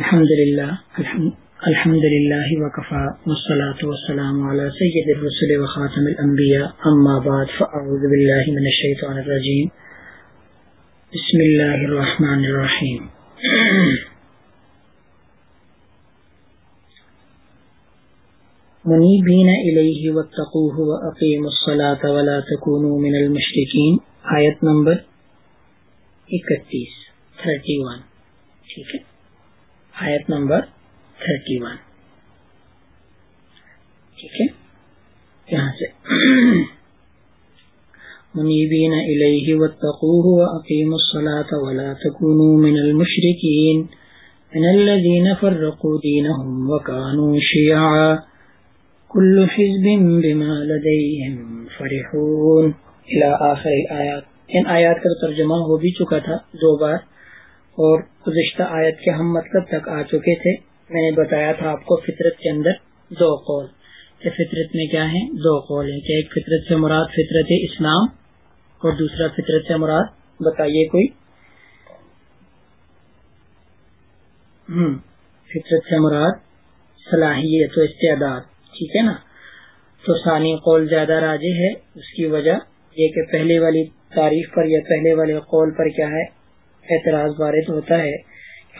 الحمد لله الحمد, الحمد لله وكفى والصلاة والسلام على سيد الرسل وخاتم الأنبياء أما بعد فأعوذ بالله من الشيطان الرجيم بسم الله الرحمن الرحيم منيبين إليه واتقوه وأقيموا الصلاة ولا تكونوا من المشركين آية نمبر 31 31 ٹھیک ہے آیت نمبر ون ٹھیک ہے یہاں سے منیبین الیہ واتقوه واقیموا الصلاة ولا تکونوا من من المشرکین الذین فرقوا دینهم شیعا حزب بما فرحون الى آخر آیات ان کا ترجمہ ہو بھی چکا تھا دو بار اور گزشتہ آیت کے ہم مطلب تک آ چکے تھے میں نے بتایا تھا آپ کو فطرت کے اندر دو قول کہ فطرت میں کیا ہیں دو قول ہیں کہ ایک فطرت سے مراد فطرت اسلام اور دوسرا فطرت سے مراد بتائیے کوئی ہم فطرت سے مراد صلاحیت و استعداد ٹھیک ہے نا تو ثانی قول زیادہ راجی ہے اس کی وجہ یہ کہ پہلے والی تعریف پر یا پہلے والے قول پر کیا ہے اعتراض وارد ہوتا ہے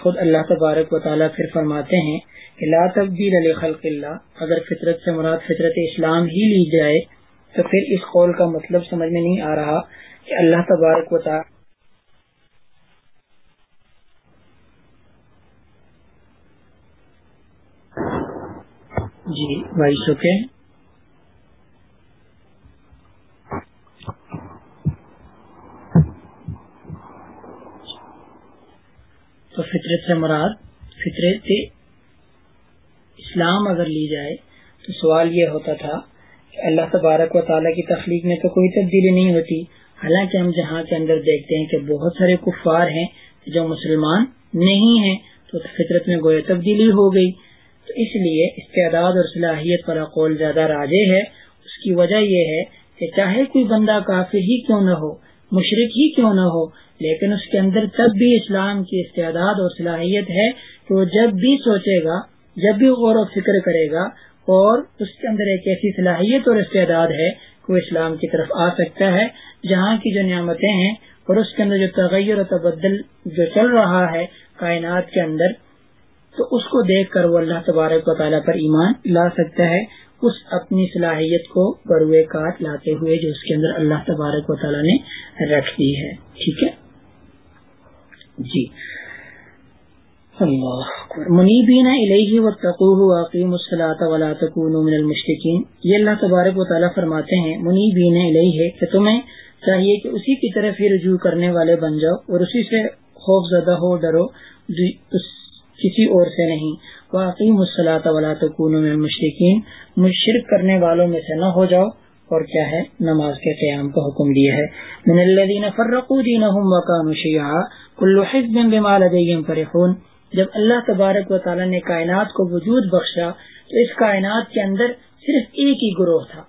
خود اللہ تبارک و تعالیٰ پھر فرماتے ہیں کہ لا تبدیل علی خلق اللہ اگر فطرت سے مراد فطرت اسلام ہی لی جائے تو پھر اس قول کا مطلب سمجھ میں نہیں آ رہا کہ اللہ تبارک و تعالیٰ جی بھائی شکریہ سے مراد فطرت اسلام اگر لی جائے تو سوال یہ ہوتا تھا کہ اللہ تبارک و تعالیٰ کی تخلیق میں تو کوئی تبدیلی نہیں ہوتی حالانکہ ہم جہاں کے اندر دیکھتے ہیں کہ بہت سارے کفار ہیں جو مسلمان نہیں ہیں تو فطرت میں گویا تبدیلی ہو گئی تو اس لیے استعداد اور صلاحیت پر اقول زیادہ راجے ہے اس کی وجہ یہ ہے کہ چاہے کوئی بندہ کافی ہی کیوں نہ ہو مشرق ہی کیوں نہ ہو لیکن اس کے اندر تب بھی اسلام کی استعداد اور صلاحیت ہے کہ وہ جب بھی سوچے گا جب بھی غور و فکر کرے گا اور اس کے اندر ایک ایسی صلاحیت اور استعداد ہے کہ وہ اسلام کی طرف آ سکتا ہے جہاں کی جو نعمتیں ہیں اور اس کے اندر جو تغیر و تبدل جو چل رہا ہے کائنات کے اندر تو اس کو دیکھ کر وہ اللہ تبارک و تعالیٰ پر ایمان لا سکتا ہے اس اپنی صلاحیت کو بروئے کاٹ لاتے ہوئے جو اس کے اندر اللہ تبارک و نے رکھ دی ہے ٹھیک ہے جی منی بینی من والی یہ اللہ تبارک و تعالیٰ فرماتے ہیں منی علیہ ہے کہ تمہیں چاہیے کہ اسی کی طرف ہی رجوع کرنے والے بن جاؤ اور اسی سے خوف زدہ ہو ڈرو کسی اور سے نہیں واقعی مسلط تکون میں مشرقین مشرق کرنے والوں میں سے نہ ہو جاؤ اور کیا ہے نماز کے قیام کا حکم دیا ہے من فرقوا حزب بما فرحون جب اللہ تبارک و تعالی نے کائنات کو وجود بخشا تو اس کائنات کے اندر صرف ایک ہی گروہ تھا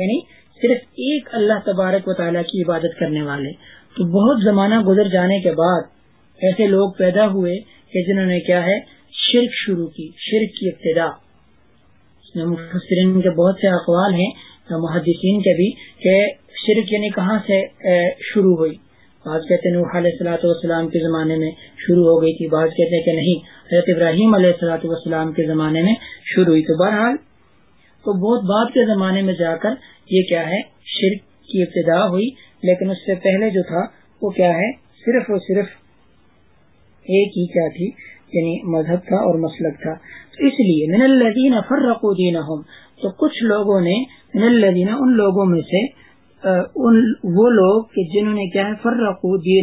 یعنی صرف ایک اللہ تبارک و تعالیٰ کی عبادت کرنے والے تو بہت زمانہ گزر جانے کے بعد ایسے لوگ پیدا ہوئے کہ جنہوں نے کیا ہے شرک شروع کی شرک کی ابتدا اس میں مفسرین کے بہت سے اقوال ہیں محدثین کے بھی کہ شرک یعنی کہاں سے شروع ہوئی بعض کہتے ہیں نوح علیہ السلاۃ وسلام کے زمانے میں شروع ہو گئی تھی بعض کہتے ہیں کہ نہیں حضرت ابراہیم علیہ السلاۃ وسلام کے زمانے میں شروع ہوئی تو بہرحال تو بہت بعد کے زمانے میں جا کر یہ کیا ہے شرک کی ابتدا ہوئی لیکن اس سے پہلے جو تھا وہ کیا ہے صرف اور صرف ایک ہی کیا تھی یعنی مذہب تھا اور مسلک تھا تو اس لیے من الذین فرقوا دینہم دینا تو کچھ لوگوں نے من الذین ان لوگوں میں سے ان وہ لوگ کہ جنہوں نے کیا ہے فرقو دی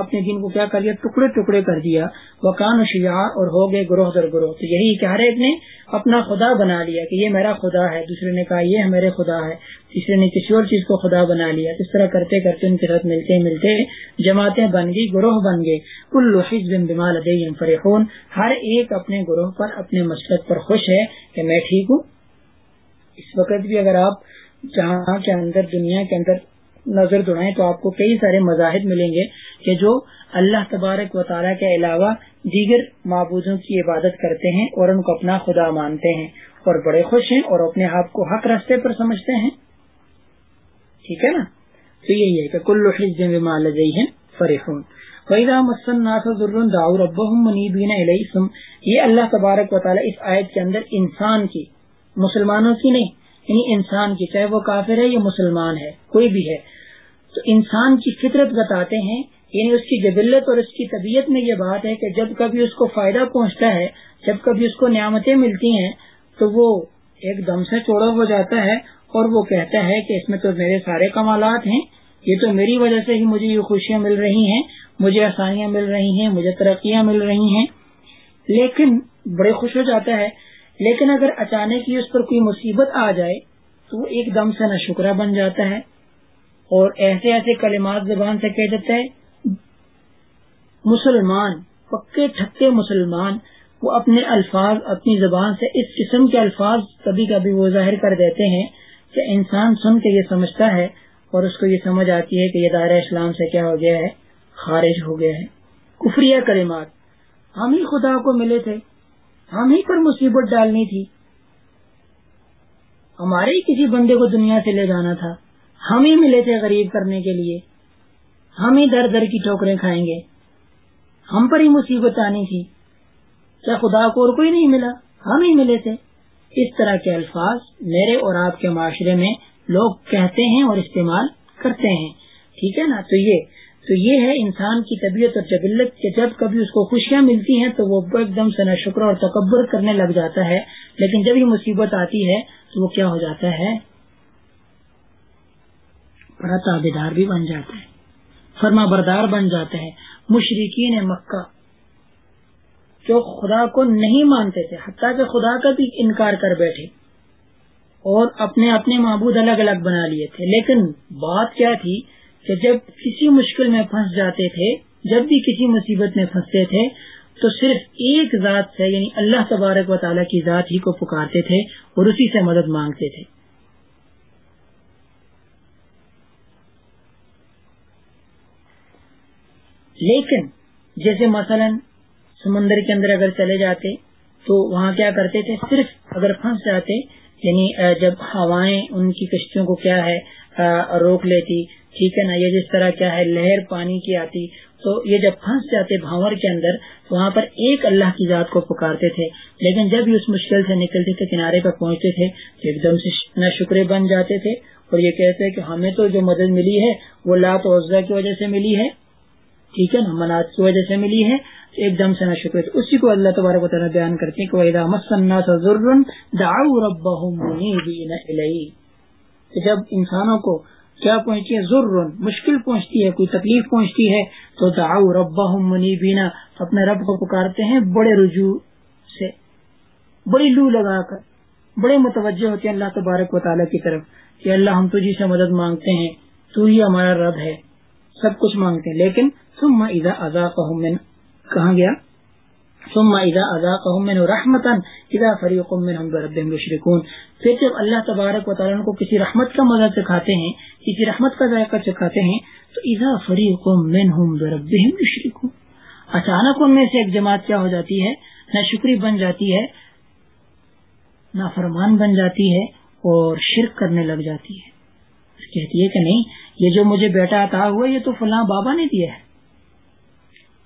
اپنے دین کو کیا کر ٹکڑے ٹکڑے کر دیا وہ کانشیار اور ہو گئے گروہ در گروہ تو یہی ہر ایک نے اپنا خدا بنا لیا کہ یہ میرا خدا ہے دوسرے نے کہا یہ میرے خدا ہے تیسرے نے کسی اور چیز کو خدا بنا لیا اس طرح کرتے کرتے ان کے ساتھ ملتے ملتے جماعتیں بن گئی گروہ بن گئے کل بن بیمال فرحون ہر ایک اپنے گروہ پر اپنے مسلط پر خوش ہے کہ میں ٹھیک ہوں اس وقت بھی اگر آپ جہاں کے اندر دنیا کے اندر نظر دوڑائیں تو آپ کو کئی سارے مذاہب ملیں گے کہ جو اللہ تبارک و تعالیٰ کے علاوہ دیگر معبودوں کی عبادت کرتے ہیں اور ان کو اپنا خدا مانتے ہیں اور بڑے خوش ہیں اور اپنے آپ کو حق رستے پر سمجھتے ہیں ٹھیک ہے نا تو یہی ہے کہ کل ہے اب منی یہ اللہ تبارک و تعالیٰ اس آیت کے اندر انسان کی مسلمانوں کی نہیں یعنی انسان کی چاہے وہ کافر ہے یا مسلمان ہے کوئی بھی ہے تو انسان کی فطرت بتاتے ہیں یعنی اس کی جبلت اور اس کی طبیعت میں یہ بات ہے کہ جب کبھی اس کو فائدہ پہنچتا ہے جب کبھی اس کو نعمتیں ملتی ہیں تو وہ ایک دم سے چوڑا ہو جاتا ہے اور وہ کہتا ہے کہ اس میں تو میرے سارے کمالات ہیں یہ تو میری وجہ سے ہی مجھے یہ خوشیاں مل رہی ہیں مجھے آسانیاں مل رہی ہیں مجھے ترقیاں مل رہی ہیں لیکن بڑے خوش ہو جاتا ہے لیکن اگر اچانک ہی اس پر کوئی مصیبت آ جائے تو وہ ایک دم سے نہ شکرہ بن جاتا ہے اور ایسے ایسے کلمات زبان سے کہہ دیتا ہے مسلمان پکے ٹھکے مسلمان وہ اپنے الفاظ اپنی زبان سے اس قسم کے الفاظ کبھی کبھی وہ ظاہر کر دیتے ہیں کہ انسان سن کے یہ سمجھتا ہے اور اس کو یہ سمجھ آتی ہے کہ یہ دائرہ اسلام سے کیا ہو گیا ہے خارج ہو گیا ہے کفریہ کلمات ہم ہی خدا کو ملے تھے ہم ہی پر مصیبت ڈالنی تھی ہمارے ہی کسی بندے کو دنیا سے لے جانا تھا ہم ہی ملے تھے غریب کرنے کے لیے ہم ہی در در کی ٹھوکریں کھائیں گے ہم پر ہی مصیبت آنی تھی کیا خدا کو اور کوئی نہیں ملا ہم ہی ملے تھے اس طرح کے الفاظ میرے اور آپ کے معاشرے میں لوگ کہتے ہیں اور استعمال کرتے ہیں ٹھیک ہے نا تو یہ تو یہ ہے انسان کی طبیعت اور جبلت کہ جب کبھی اس کو خوشیاں ملتی ہیں تو وہ ایک دم سنا شکر اور تکبر کرنے لگ جاتا ہے لیکن جب یہ مصیبت آتی ہے تو وہ کیا ہو جاتا ہے بڑا تابے دار بھی بن جاتا ہے فرما بردار بن جاتا ہے مشرقین مکہ جو خدا کو نہیں مانتے تھے حتیٰ کہ خدا کا بھی انکار کر بیٹھے اور اپنے اپنے معبود الگ الگ بنا لیے تھے لیکن بات کیا تھی کہ جب کسی مشکل میں پھنس جاتے تھے جب بھی کسی مصیبت میں پھنستے تھے تو صرف ایک ذات سے یعنی اللہ تبارک و تعالیٰ کی ذات ہی کو پکارتے تھے اور اسی سے مدد مانگتے تھے لیکن جیسے مثلا سمندر کے اندر اگر چلے جاتے تو وہاں کیا کرتے تھے صرف اگر پھنس جاتے یعنی جب ہوائیں ان کی کشتیوں کو کیا ہے روک لیتی ٹھیک ہے نا یہ جس طرح کیا ہے لہر پانی کی آتی تو یہ جب پھنس جاتے بھاور کے اندر وہاں پر ایک اللہ کی ذات کو پکارتے تھے لیکن جب یہ اس مشکل سے نکلتے تھے کنارے پر پہنچتے تھے تو ایک دم سے نہ شکرے بن جاتے تھے اور یہ کہتے کہ ہمیں تو جو مدد ملی ہے وہ لات اوزا کی وجہ سے ملی ہے ٹھیک ہے نا مناج کی وجہ سے ملی ہے ایک دم سے نہ تھے. اسی کو اللہ تبارک و تعالیٰ بیان کرتے ہیں کہ جب انسانوں کو کیا پہنچی ہے ضرور مشکل پہنچتی ہے کوئی تکلیف پہنچتی ہے تو جاؤ ربا منیبینا بینا اپنے رب کو پکارتے ہیں بڑے رجوع سے بڑی لو لگا کر بڑے متوجہ ہوتے ہیں اللہ تبارک و تعالیٰ کی طرف کہ اللہ ہم تجھی سے مدد مانگتے ہیں تو ہی ہمارا رب ہے سب کچھ مانگتے ہیں لیکن تم میں کہاں گیا ثم اذا اذا اذاقهم رحمتا يشركون پھر جب اللہ تبارک و تعالیٰ کو کسی رحمت کا مزہ چکھاتے ہیں کسی رحمت کا ذائقہ چکھاتے ہیں تو اچانک ان میں سے ایک جماعت کیا ہو جاتی ہے نہ شکری بن جاتی ہے نہ فرمان بن جاتی ہے اور شرک کرنے لگ جاتی ہے کہتی ہے کہ نہیں یہ جو مجھے بیٹا عطا ہوا یہ تو فلاں بابا نے دیا ہے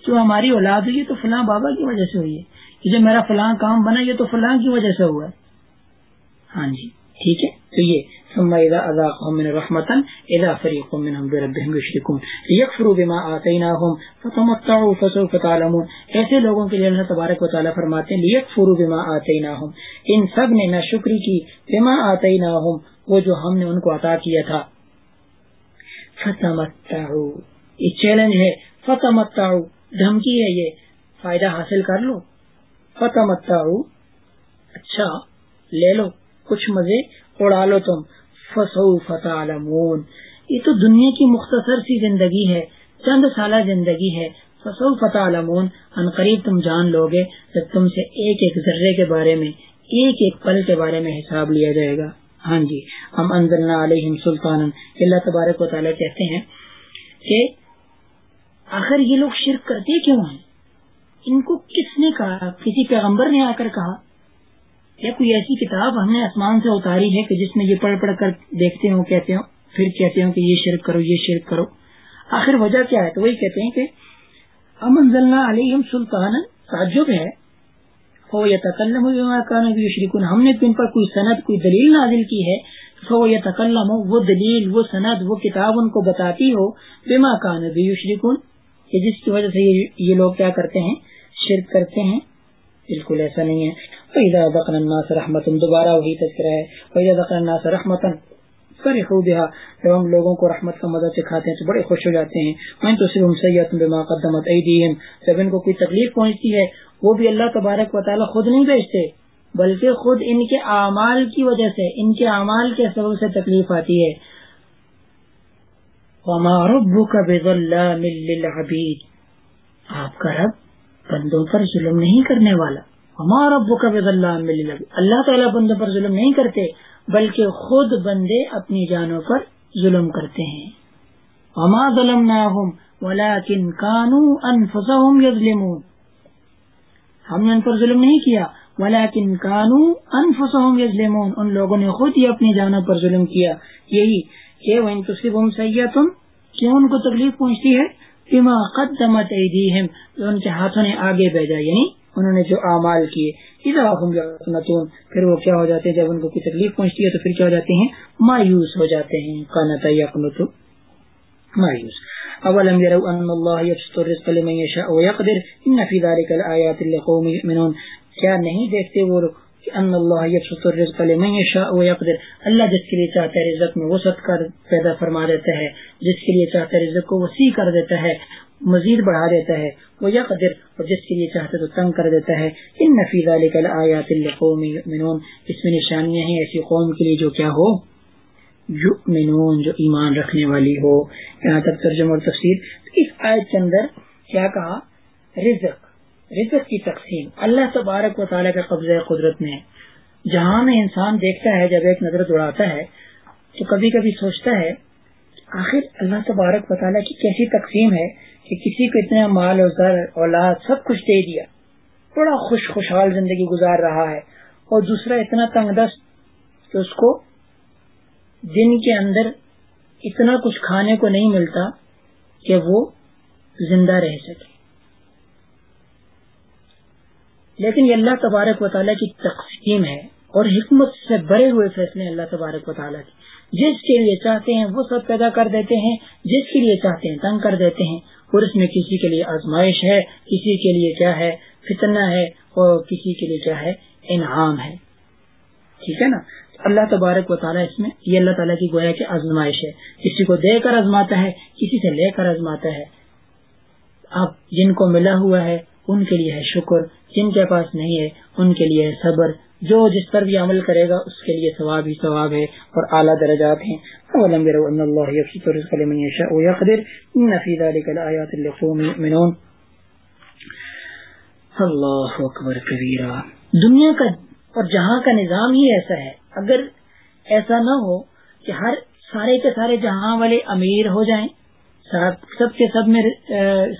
جو ہماری اولاد ہوئی تو فلاں بابا کی وجہ سے ہوئی ہے کہ جو میرا فلاں کام بنا یہ تو فلاں کی وجہ سے ہوا ہے ہاں جی ٹھیک ہے تو یہ سما ادا ادا قومن رحمت ادا فریق یک فرو بیما آتے ایسے لوگوں کے لیے اللہ تبارک و تعالیٰ فرماتے ہیں یک فرو بیما آتے ان سب نے نہ شکری کی بیما آتے نہ وہ جو ہم نے ان کو عطا کیا تھا فتح یہ چیلنج ہے فتح دھمکی ہے یہ فائدہ حاصل کر لو فتح اچھا، لے لو کچھ مزے اڑا لو تم فسو فتح یہ تو دنیا کی مختصر سی زندگی ہے چند سالہ زندگی ہے فسو فتح ان قریب تم جان لو گے جب تم سے ایک ایک ذرے کے بارے میں ایک ایک پل کے بارے میں حساب لیا جائے گا ہاں جی ہم علیہم سلطان اللہ تبارک و تعالیٰ کہتے ہیں کہ آخر یہ لوگ شرک کرتے کیوں ہیں ان کو کس نے کہا کسی پیغمبر نے آ کر کہا یا کوئی ایسی کتاب ہم نے آسمان سے اتاری ہے کہ جس میں یہ پڑھ پڑھ کر دیکھتے ہوں ہوں ہوں کہتے کہتے پھر کہ یہ شرک کرو یہ شرک کرو آخر وجہ کیا ہے تو وہی کہتے ہیں کہ امن ضلع علیہم سلطان تعجب ہے ہو یا تکلم شریکن ہم نے تو ان پر کوئی صنعت کوئی دلیل نازل کی ہے ہو یا تکلم ہو وہ دلیل وہ صنعت وہ کتاب ان کو بتاتی ہو بے مکان بے شریکن کہ جس کی وجہ سے یہ لوگ کیا کرتے ہیں شرک کرتے ہیں بالکل ایسا نہیں ہے دوبارہ وہی تذکرہ ہے جب ہم لوگوں کو رحمت کا مزہ سکھاتے ہیں تو بڑے خوش ہو جاتے ہیں میں تو صرف ایدیہم جب ان کو کوئی تکلیف پہنچتی ہے وہ بھی اللہ تبارک و تعالیٰ خود نہیں بیچتے بلکہ خود ان کے اعمال کی وجہ سے ان کے اعمال کے سبب سے تکلیف آتی ہے وما اب بظلام للعبید آپ کا رب بندوں پر ظلم نہیں کرنے والا ہمارا بک بظلام للعبید اللہ تعالیٰ بندوں پر ظلم نہیں کرتے بلکہ خود بندے اپنی جانوں پر ظلم کرتے ہیں ان پسند ہم نے ان پر ظلم نہیں کیا ولیکن کن کانوں یظلمون ان لوگوں نے خود ہی اپنی جانوں پر ظلم کیا یہی تم کیوں ان کو تکلیف پہنچتی ہے فیما قدمت ایدیہم ان کے ہاتھوں نے آگے بھیجا یعنی انہوں نے جو اعمال کیے پھر وہ کیا ہو جاتے ہیں جب ان کو کوئی تکلیف پہنچتی ہے تو پھر کیا ہو جاتے ہیں مایوس ہو جاتے ہیں کانتا یقنتو مایوس اولم یرو ان اللہ یبسط الرزق لمن یشاء ویقدر ان فی ذالک الآیات اللہ قوم کیا نہیں دیکھتے وہ لوگ ان اللہ اللہ جس کے لیے چاہتا ہے رزق میں وسعت کر پیدا فرما دیتا ہے جس کے لیے چاہتا ہے رزق کو وسیع کر دیتا ہے مزید بڑھا دیتا ہے وہ یقدر اور جس کے لیے چاہتا ہے تو تنگ کر دیتا ہے ان نفیز الایات اللہ یؤمنون اس میں نشانیاں ہیں ایسی قوم کے لیے جو کیا ہو جو جو ایمان رکھنے والی ہو یہاں تک ترجمہ اور تفصیل اس آئے اندر کیا کہا رزق رزق کی تقسیم اللہ تبارک و تعالیٰ کا قبضہ قدرت میں جہاں میں انسان دیکھتا ہے جب ایک نظر دوڑاتا ہے تو کبھی کبھی سوچتا ہے آخر اللہ تبارک و تعالیٰ کی کیسی تقسیم ہے کہ کسی کو اتنا مال اور در اولاد سب کچھ دے دیا بڑا خوش خوشحال زندگی گزار رہا ہے اور دوسرا اتنا تنگ دست اس کو دن کے اندر اتنا کچھ کھانے کو نہیں ملتا کہ وہ زندہ رہ سکے لیکن یہ اللہ تبارک و تعالیٰ کی تقسیم ہے اور حکمت سے بھرے ہوئے فیصلے اللہ تبارک و تعالیٰ کی جس کے لیے چاہتے ہیں وہ سب پیدا کر دیتے ہیں جس کے لیے چاہتے ہیں تنگ کر دیتے ہیں اور اس میں کسی کے لیے آزمائش ہے کسی کے لیے کیا ہے فتنا ہے اور کسی کے لیے کیا ہے انعام ہے ٹھیک ہے نا اللہ تبارک و تعالیٰ اس میں یہ اللہ تعالیٰ کی گویا کی آزمائش ہے کسی کو دے کر آزماتا ہے کسی سے لے کر آزماتا ہے اب جن کو ملا ہوا ہے ان کے لیے ہے شکر جن کے پاس نہیں ہے ان کے لیے ہے صبر جو جس پر بھی عمل کرے گا اس کے لیے ثواب ہی ثواب ہے اور اعلیٰ درجات ہیں اللہ اکبر دنیا کا اور جہاں کا نظام ہی ایسا ہے اگر ایسا نہ ہو کہ ہر سارے کے سارے جہاں والے امیر ہو جائیں سب کے سب میں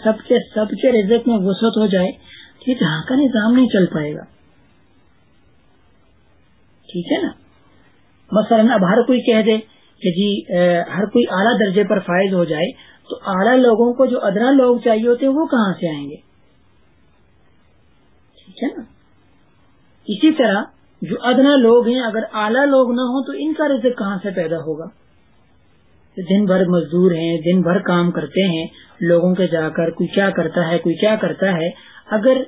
سب کے سب کے رزق میں وسعت ہو جائے جہاں کا نظام نہیں چل پائے گا ٹھیک ہے نا مثلا اب ہر کوئی کہہ دے کہ جی ہر کوئی اعلیٰ درجے پر فائز ہو جائے تو اعلیٰ لوگوں کو جو ادرا لوگ چاہیے ہوتے ہیں وہ کہاں سے آئیں گے ٹھیک ہے نا اسی طرح جو ادنا لوگ ہیں اگر اعلیٰ لوگ نہ ہوں تو ان کا رزق کہاں سے پیدا ہوگا دن بھر مزدور ہیں دن بھر کام کرتے ہیں لوگوں کے جا کر کوئی کیا کرتا ہے کوئی کیا کرتا ہے اگر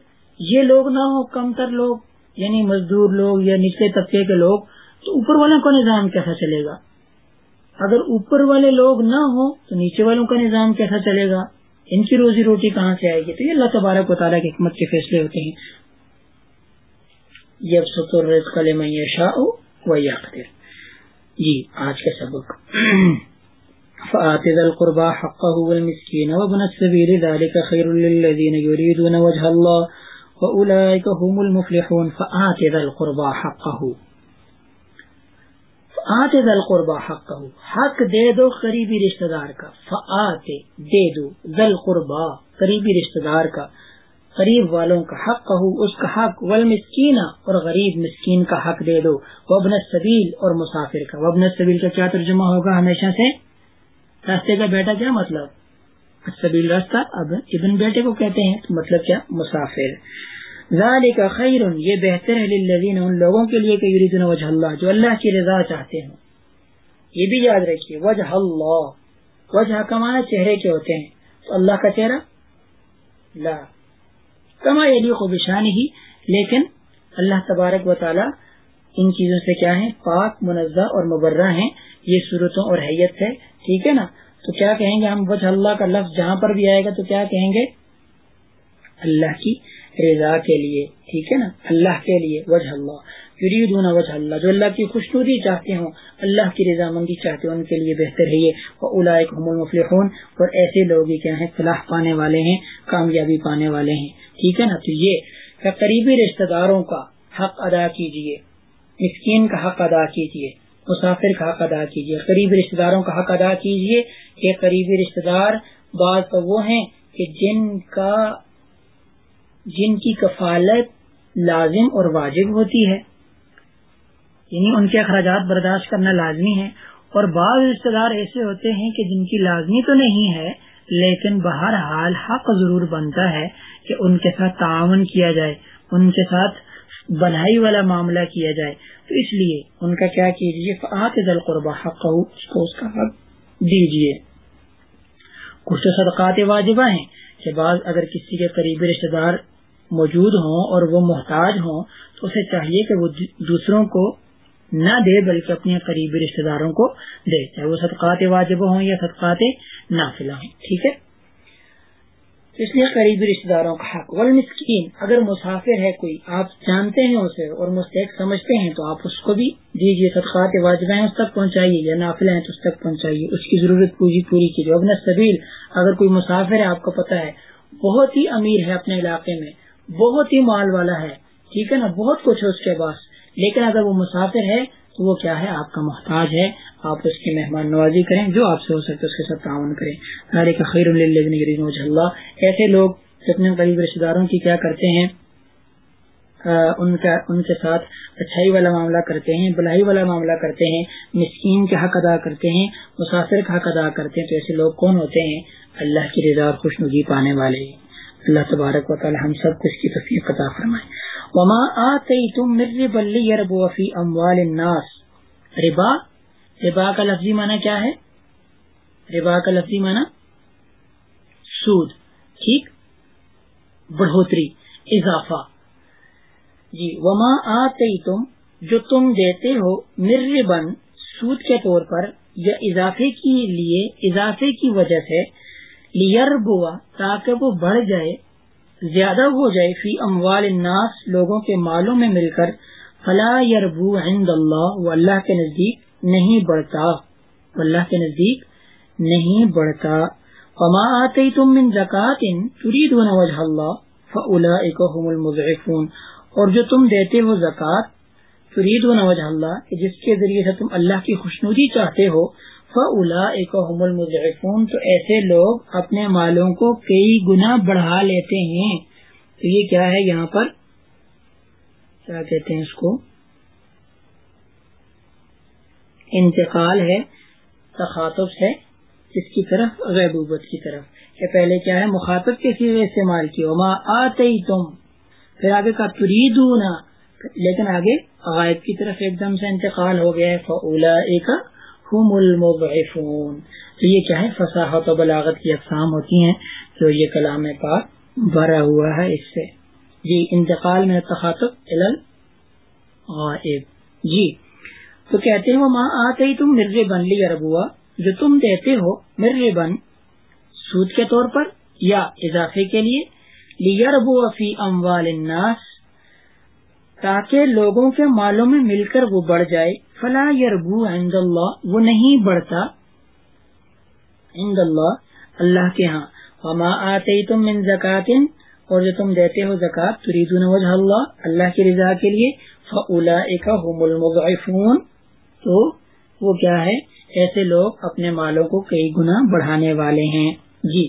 یہ لوگ نہ ہو کم تر لوگ یعنی مزدور لوگ یا نچلے طبقے کے لوگ تو اوپر والوں کا نظام کیسا چلے گا اگر اوپر والے لوگ نہ ہوں تو نیچے والوں کا نظام کیسا چلے گا ان کی روزی روٹی کہاں سے آئے گی تو یہ اللہ تبارک و تعالیٰ کی حکمت کے فیصلے ہوتے ہیں سطور رزق و جی آج کا سبق فآتذ القربى حقه والمسكين وابن السبيل ذلك خير للذين يريدون وجه الله وأولئك هم المفلحون فآتذ القربى حقه فآتذ القربى حقه حق دے دو قریبی رشتہ دار کا فآت دے دو ذل قربا قریبی رشتہ دار کا قریب والوں کا حق کہو اس کا حق والمسکین اور غریب مسکین کا حق دے دو وابن السبیل اور مسافر کا وابن السبیل کا کیا ترجمہ ہوگا ہمیشہ سے راستے کا بیٹا کیا مطلب سبیل راستہ اب ابن بیٹے کو کہتے ہیں مطلب کیا مسافر للذین کا لوگوں کے لیے کہ یریدون وجہ اللہ جو اللہ کی رضا چاہتے ہوں یہ بھی یاد رکھیے وجہ اللہ وجہ کمانا چہرے کے ہوتے ہیں تو اللہ کا چہرہ لا کما خوبشان ہی لیکن اللہ تبارک و تعالی ان چیزوں سے کیا ہے پاک منزہ اور مبرہ ہیں یہ صورتوں اور حیت ہے ٹھیک ہے نا تو کیا کہیں گے ہم وجہ اللہ کا لفظ جہاں پر بھی آئے گا تو کیا کہیں گے اللہ کی رضا کے لیے ٹھیک ہے نا اللہ کے لیے وجہ اللہ وجہ اللہ جو اللہ کی نوری چاہتے ہوں اللہ کی رضا مندی چاہتے ہیں ان کے لیے بہتر ہے علاقوں اور ایسے لوگ ہی کیا ہیں فلاح پانے والے ہیں کامیابی پانے والے ہیں ٹھیک ہے نا تو یہ قریبی رشتہ داروں کا حق ادا کیجیے مسکین کا حق ادا کیجیے مسافر کا حق ادا کیجیے قریبی رشتے داروں کا حق ادا کیجیے یہ قریبی رشتے دار بعض تو وہ ہیں کہ جن کا جن کی کفالت لازم اور واجب ہوتی ہے یعنی ان کے اخراجات برداشت کرنا لازمی ہے اور بعض رشتے دار ایسے ہوتے ہیں کہ جن کی لازمی تو نہیں ہے لیکن بہرحال حق ضرور بنتا ہے کہ ان کے ساتھ تعاون کیا جائے ان کے ساتھ بنا والا معاملہ کیا جائے تو اس لیے ان کا کیا کیجیے قربا حق اس اس کو کا حق دیجیے کچھ تو صدقات واجبہ ہیں کہ بعض اگر کسی کے قریبی رشتے دار موجود ہوں اور وہ محتاج ہوں تو اسے چاہیے کہ وہ دوسروں کو نہ دے بلکہ اپنے قریبی رشتے داروں کو دے چاہے وہ صدقات واجبہ ہوں یا صدقات نافلہ ہوں ٹھیک ہے اس لیے قریبی رشتے داروں کا حق والمسکین اگر مسافر ہے کوئی آپ جانتے ہیں اسے اور مستحق سمجھتے ہیں تو آپ اس کو بھی دیجیے صدقات واجبہ ہیں اس تک پہنچائیے یا نافلہ ہیں تو اس تک پہنچائیے اس کی ضرورت پوری پوری کیجیے ابن سبیل اگر کوئی مسافر ہے آپ کو پتا ہے بہت ہی امیر ہے اپنے علاقے میں بہت ہی مال والا ہے ٹھیک ہے نا بہت کچھ ہے اس کے پاس لیکن اگر وہ مسافر ہے تو وہ کیا ہے آپ کا محتاج ہے آپ اس کی مہمان نوازی کریں جو آپ سے ہو سکتا ہے اس کے ساتھ تعاون کریں نارے کا خیر اللہ ایسے لوگ اپنے قریب رشتے داروں کی کیا کرتے ہیں ان کا ان کے ساتھ اچھائی والا معاملہ کرتے ہیں بلائی والا معاملہ کرتے ہیں مسکین کے حق ادا کرتے ہیں مسافر کا حق ادا کرتے ہیں تو ایسے لوگ کون ہوتے ہیں اللہ کی رضا اور خوش نگی پانے والے اللہ تبارک و تعالی ہم سب کو اس کی تفریح عطا فرمائے وما آتیتم من ربا لیربو فی اموال الناس ربا ربا کا لفظی معنی کیا ہے ربا کا لفظی معنی سود ٹھیک بڑھوتری اضافہ جی وما آتے تم جو تم دیتے ہو مر بن سود کے طور پر یا اضافے کے لیے اضافے کی وجہ سے بوا تاکہ وہ بڑھ جائے زیادہ ہو جائے فی اموال الناس لوگوں کے مالوں میں مل کر فلا یربو عند اللہ وہ اللہ کے نزدیک نہیں بڑھتا اللہ کے نزدیک نہیں بڑھتا فما آتے تم من زکات و نوج ہل فلاح فلا المضعفون اور جو تم دیتے ہو زکات فرید دون وجہ جس کے ذریعے سے تم اللہ کی خوشنودی چاہتے ہو فلا ایک حم تو ایسے لوگ اپنے مالوں کو کئی گنا بڑھا لیتے ہیں تو یہ کیا ہے یہاں پر کیا کہتے ہیں اس کو انتقال ہے تخاطب ہے اس کی طرف غیبوبت کی طرف یہ پہلے کیا ہے مخاطب کے سیرے استعمال کی ہو ماں آتے آگے کا تری دونوں لیکن آگے غائب کی طرف ایک دم سے انتقال ہو گیا ہے فولا کا مل فون تو یہ کیا ہے فصاحت و بلاغت کی اقسام ہوتی ہیں تو یہ کلام پاک بھرا ہوا ہے اس سے جی انتقال میں تخاطب غائب جی تو کہتے ہو ماں آتے ہی تم مر بن لی اربوا جو تم دیتے ہو مر بن سود کے طور پر یا اضافے کے لیے فی اموال الناس تاکہ لوگوں کے مالوں میں مل کر وہ بڑھ جائے فلا یربو عند اللہ وہ نہیں بڑھتا عند اللہ اللہ کے ہاں وما آتے تم من زکات اور جو تم دیتے ہو زکات تریدون وجہ اللہ اللہ کی رضا کے لیے فون تو وہ کیا ہے ایسے لوگ اپنے مالوں کو کئی گنا بڑھانے والے ہیں جی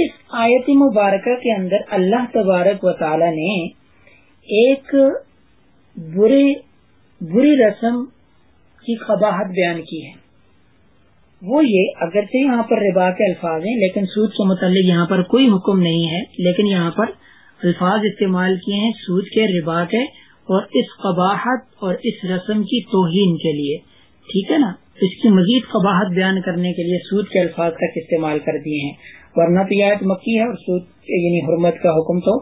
اس آیت مبارکہ کے اندر اللہ تبارک و تعالی نے ایک برے بری رسم کی خباہت بیان کی ہے وہ یہ اگرچہ یہاں پر ربا کے الفاظ ہیں لیکن سود کے متعلق یہاں پر کوئی حکم نہیں ہے لیکن یہاں پر الفاظ استعمال کیے ہیں سود کے ربا کے اور اس قباحت اور اس رسم کی توہین کے لیے ٹھیک ہے نا اس کی مزید قباحت بیان کرنے کے لیے سود کے الفاظ تک استعمال کر دیے ہیں ورنہ تو یاد مکی ہے اور سود یعنی حرمت کا حکم تو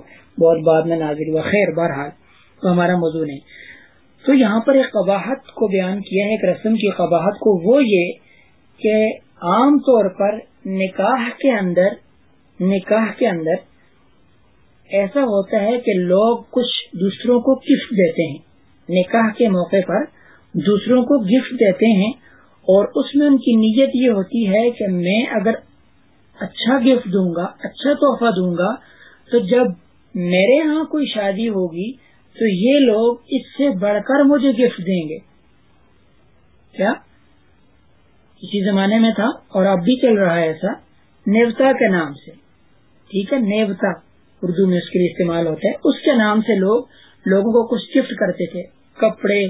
بہت بعد میں نازل ہوا خیر بہرحال تو ہمارا موضوع نہیں تو یہاں پر ایک قباحت کو بیان کیا ہے ایک رسم کی قباحت کو وہ یہ کہ عام طور پر نکاح کے اندر نکاح کے اندر ایسا ہوتا ہے کہ لوگ کچھ دوسروں کو گفٹ دیتے ہیں نکاح کے موقع پر دوسروں کو گفٹ دیتے ہیں اور اس میں ان کی نیت یہ ہوتی ہے کہ میں اگر اچھا گفٹ دوں گا اچھا تحفہ دوں گا تو جب میرے ہاں کوئی شادی ہوگی تو یہ لوگ اس سے بڑھ کر مجھے گفٹ دیں گے کیا اسی زمانے میں تھا اور اب بھی چل رہا ہے ایسا نیوتا کے نام سے ٹھیک ہے نیوتا اردو میں اس کے لیے استعمال ہوتا ہے اس کے نام سے لوگ لوگوں کو کچھ گفٹ کرتے تھے کپڑے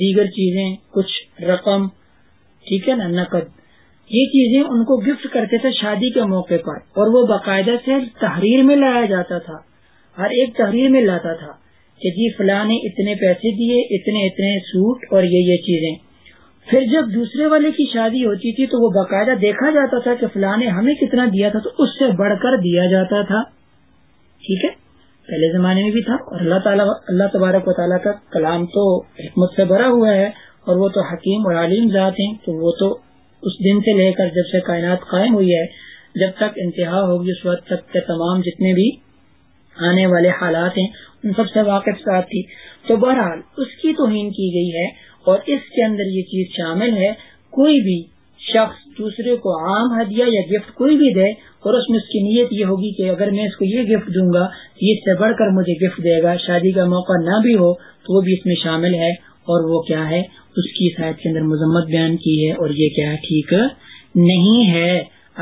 دیگر چیزیں کچھ رقم ٹھیک ہے نا نقد یہ چیزیں ان کو گفٹ کرتے تھے شادی کے موقع پر اور وہ باقاعدہ سے تحریر میں لایا جاتا تھا ہر ایک تحریر میں لاتا تھا کہ جی فلاں نے اتنے پیسے دیے اتنے اتنے سوٹ اور یہ یہ چیزیں پھر جب دوسرے والے کی شادی ہوتی تھی تو وہ باقاعدہ دیکھا جاتا تھا کہ فلاں نے ہمیں کتنا دیا تھا تو اس سے بڑھ کر دیا جاتا تھا ٹھیک ہے پہلے زمانے میں بھی تھا اور اللہ تعالیٰ اللہ تبارک و تعالیٰ کا کلام تو حکمت سے بھرا ہوا ہے اور وہ تو حکیم اور عالم ذات ہیں تو وہ تو اس دن سے لے کر جب سے کائنات قائم ہوئی ہے جب تک انتہا ہوگی اس وقت تک کے تمام جتنے بھی آنے والے حالات ہیں ان سب سے واقف ساتھ تھی تو بہرحال اس کی توہین کی گئی ہے اور اس کے اندر یہ چیز شامل ہے کوئی بھی شخص دوسرے کو عام ہدیہ یا گفٹ کوئی بھی دے اور اس میں اس کی نیت یہ ہوگی کہ اگر میں اس کو یہ گفٹ دوں گا اس سے بڑھ کر مجھے گفٹ دے گا شادی کا موقع نہ بھی ہو تو وہ بھی اس میں شامل ہے اور وہ کیا ہے اس کی شاید کے اندر مذمت بیان کی ہے اور یہ کیا ٹھیک نہیں ہے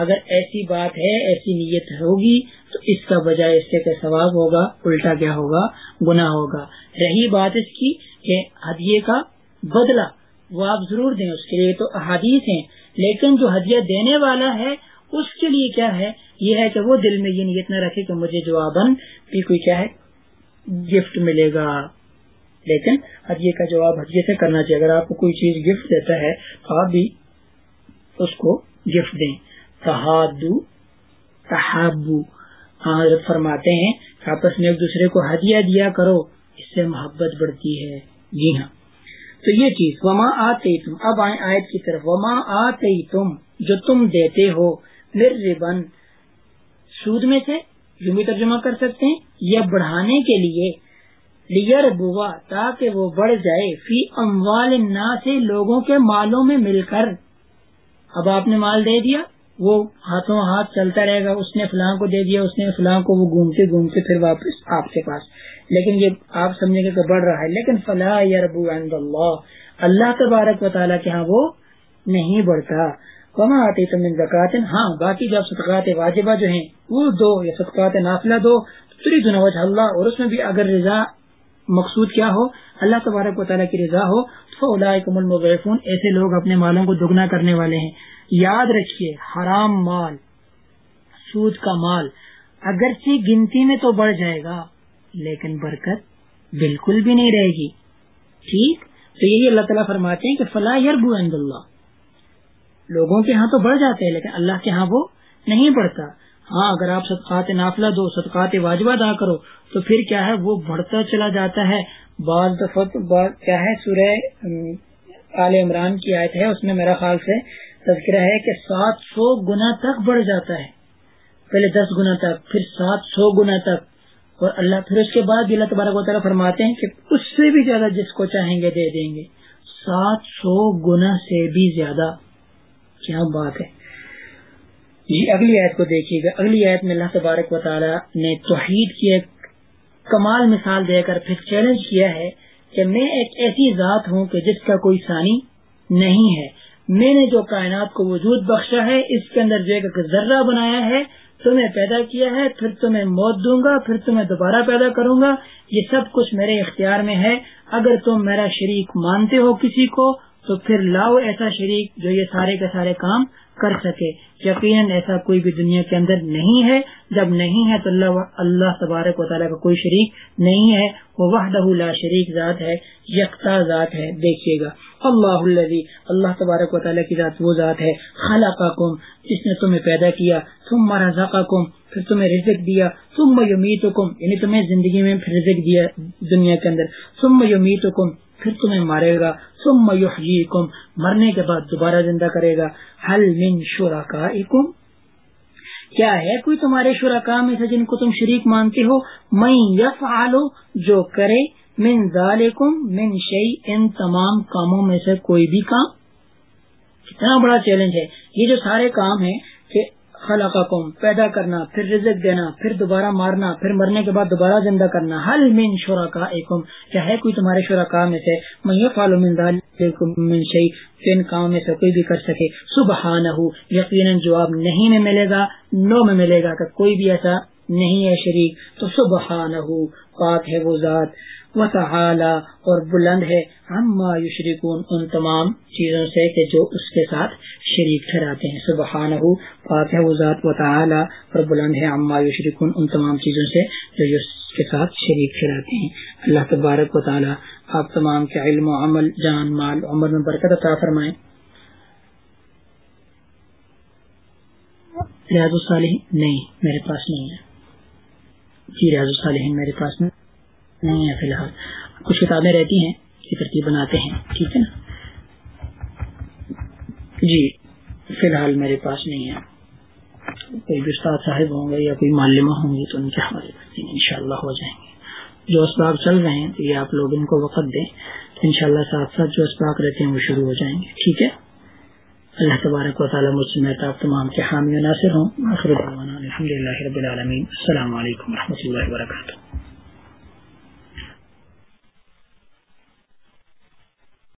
اگر ایسی بات ہے ایسی نیت ہوگی تو اس کا بجائے اس سے ثواب ہوگا الٹا کیا ہوگا گنا ہوگا رہی بات اس کی کہ ہدیے کا بدلہ وہ آپ ضرور دیں اس کے لیے تو احادیث ہیں لیکن جو ہدیہ دینے والا ہے اس کے لیے کیا ہے یہ ہے کہ وہ دل میں یہ نیت نہ رکھے کہ مجھے جوابن بھی کوئی کیا ہے گفٹ ملے گا لیکن ہدیے کا جواب ہدیے سے کرنا چاہیے اگر آپ کو کوئی چیز گفٹ دیتا ہے تو آپ بھی اس کو گفٹ دیں تحادو تحابو ہاں، حضرت فرماتے ہیں کہ آپس میں ایک دوسرے کو ہدیہ دیا کرو اس سے محبت بڑھتی ہے جی ہاں تو یہ چیز وما آتے تم اب آئے آیت کی طرف وما آتے تم جو تم دیتے ہو میرے ترجمہ کر سکتے ہیں یا بڑھانے کے لیے لیئر بوا تاکہ وہ بڑھ جائے فی اموال نا سے لوگوں کے مالوں میں مل کر اب آپ نے مال دے دیا وہ ہاتھوں ہاتھ چلتا رہے گا اس نے فلاں کو دے دیا اس نے فلاں کو وہ گھومتے گھومتے پھر واپس آپ کے پاس لیکن یہ آپ سمجھیں گے کہ بڑھ رہا ہے لیکن فلاح یا ربو عند اللہ اللہ تبارک و تعالیٰ کے ہاں وہ نہیں بڑھتا کما آتی زکات ہاں باقی جو صدقات واجبہ جو ہیں وہ دو یا صدقات نافلہ دو تری اللہ اور اس میں بھی اگر رضا مقصود کیا ہو اللہ تبارک و تعالیٰ کی رضا ہو تو اللہ ایسے لوگ اپنے مالوں کو دگنا کرنے والے ہیں یاد رکھیے حرام مال سود کا مال اگرچہ گنتی میں تو بڑھ جائے گا لیکن برکت بالکل بھی نہیں رہے گی ٹھیک تو یہی اللہ تعالیٰ فرماتے ہیں کہ فلاح یار لوگوں کے ہاں تو بڑھ جاتے ہیں لیکن اللہ کے ہاں وہ نہیں بڑھتا ہاں اگر آپ صدقات نافلہ دو صدقات واجبہ ادا کرو تو پھر کیا ہے وہ بڑھتا چلا جاتا ہے بعض دفعہ کیا ہے سورہ آل عمران کی آیت ہے اس میں میرا خیال سے تذکرہ ہے کہ سات سو گنا تک بڑھ جاتا ہے پہلے دس گنا تک پھر سات سو گنا تک اور اللہ پھر اس کے بعد بھی اللہ تبارک و تعالیٰ فرماتے ہیں کہ اس سے بھی زیادہ جس کو چاہیں گے دے دیں گے سات سو گنا سے بھی زیادہ کیا بات ہے جی اگلی آیت کو دیکھیے گا اگلی آیت میں اللہ تبارک و تعالیٰ نے توحید کی ایک کمال مثال دے کر پھر چیلنج کیا ہے کہ میں ایک ایسی ذات ہوں کہ جس کا کوئی ثانی نہیں ہے میں نے جو کائنات کو وجود بخشا ہے اس کے اندر جو ایک ذرہ بنایا ہے تمہیں پیدا کیا ہے پھر تمہیں موت دوں گا پھر تمہیں دوبارہ پیدا کروں گا یہ سب کچھ میرے اختیار میں ہے اگر تم میرا شریک مانتے ہو کسی کو تو پھر لاؤ ایسا شریک جو یہ سارے کے سارے کام کر سکے یقیناً ایسا کوئی بھی دنیا کے اندر نہیں ہے جب نہیں ہے تو اللہ اللہ تبارک و تعالیٰ کا کوئی شریک نہیں ہے وہ وحدہ لا شریک ذات ہے یکتا ذات ہے دیکھیے گا اللہ اللہ اللہ تبارک و تعالیٰ کی ذات وہ ذات ہے خالہ کا کم جس نے تمہیں پیدا کیا تم تم میں یعنی تمہیں زندگی میں رزق دیا دنیا کے اندر پھر تمہیں مارے گا مرنے کے بعد دوبارہ زندہ کرے گا حل من کیا ہے کوئی تمہارے شورا میں سے جن کو تم شریک مانتے ہو میں یف جو کرے من ذالکم من شی ان تمام کاموں میں سے کوئی بھی کام کتنا بڑا چیلنج ہے یہ جو سارے کام ہیں کہ خلاقہ پیدا کرنا پھر رزق دینا پھر دوبارہ مارنا پھر مرنے کے بعد دوبارہ زندہ کرنا حل ایکم کیا کا ایک تمہارے شرکا کا میں سے میں من شی ان کام میں سے کوئی بھی کر سکے صبح نہ یقیناً جواب نہیں میں ملے گا نو میں ملے گا کہ کوئی بھی ایسا نہیں ہے شریک تو صبح نہ ہو ذات اور بلند ہے امایو یشرکون ان تمام چیزوں سے کہ جو اس کے ساتھ شریک ٹھہراتے ہیں پاک ہے ذات وتعالی اور بلند ہے امایو یشرکون ان تمام چیزوں سے جو اس کے ساتھ شریک ٹھہراتے ہیں اللہ تبارک و تعالی آپ تمام کے علم و عمل جان مال عمر میں برکت عطا فرمائے ریاض نہیں میرے پاس نہیں ہے جی ریاض میرے پاس نہیں نہیں ہے فی الحال کچھ کتابیں رہتی ہیں ترتیب بناتے ہیں ٹھیک ہے نا جی فی الحال میرے پاس نہیں ہے کوئی بھی استاد صاحب ہوں گے یا کوئی معلمہ ہوں گے تو ان کے حوالے کرتے ہیں ان ہو جائیں گے جو اسباق چل رہے ہیں تو یہ آپ لوگ ان کو وقت دیں تو شاء ساتھ ساتھ جو اسباق رہتے ہیں وہ شروع ہو جائیں گے ٹھیک ہے اللہ تبارک و تعالیٰ مجھ سے تمام کے حامی ناصر ہوں الحمد للہ رب العالمین السلام علیکم و رحمۃ اللہ وبرکاتہ